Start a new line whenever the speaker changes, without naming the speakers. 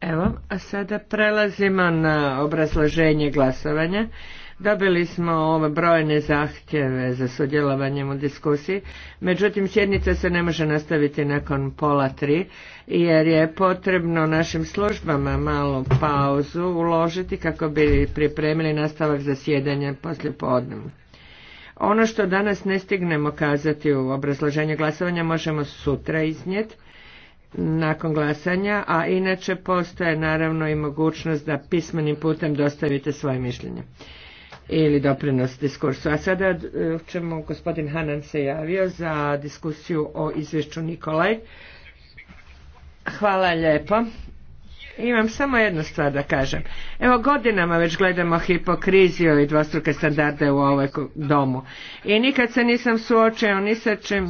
Evo,
a sada prelazimo na obrazloženje glasovanja. Dobili smo ove brojne zahtjeve za sudjelovanjem u diskusiji, međutim sjednica se ne može nastaviti nakon pola tri, jer je potrebno našim službama malu pauzu uložiti kako bi pripremili nastavak zasjedanja poslije Ono što danas ne stignemo kazati u obrazloženju glasovanja možemo sutra iznijeti, nakon glasanja, a inače postoje naravno i mogućnost da pismenim putem dostavite svoje mišljenje ili doprinos diskursu. A sada e, ćemo, gospodin Hanan se javio za diskusiju o izvješću Nikolaj. Hvala lijepo. Imam samo jednu stvar da kažem. Evo godinama već gledamo hipokriziju i dvostruke standarde u ovoj domu. I nikad se nisam suočio ni sa čim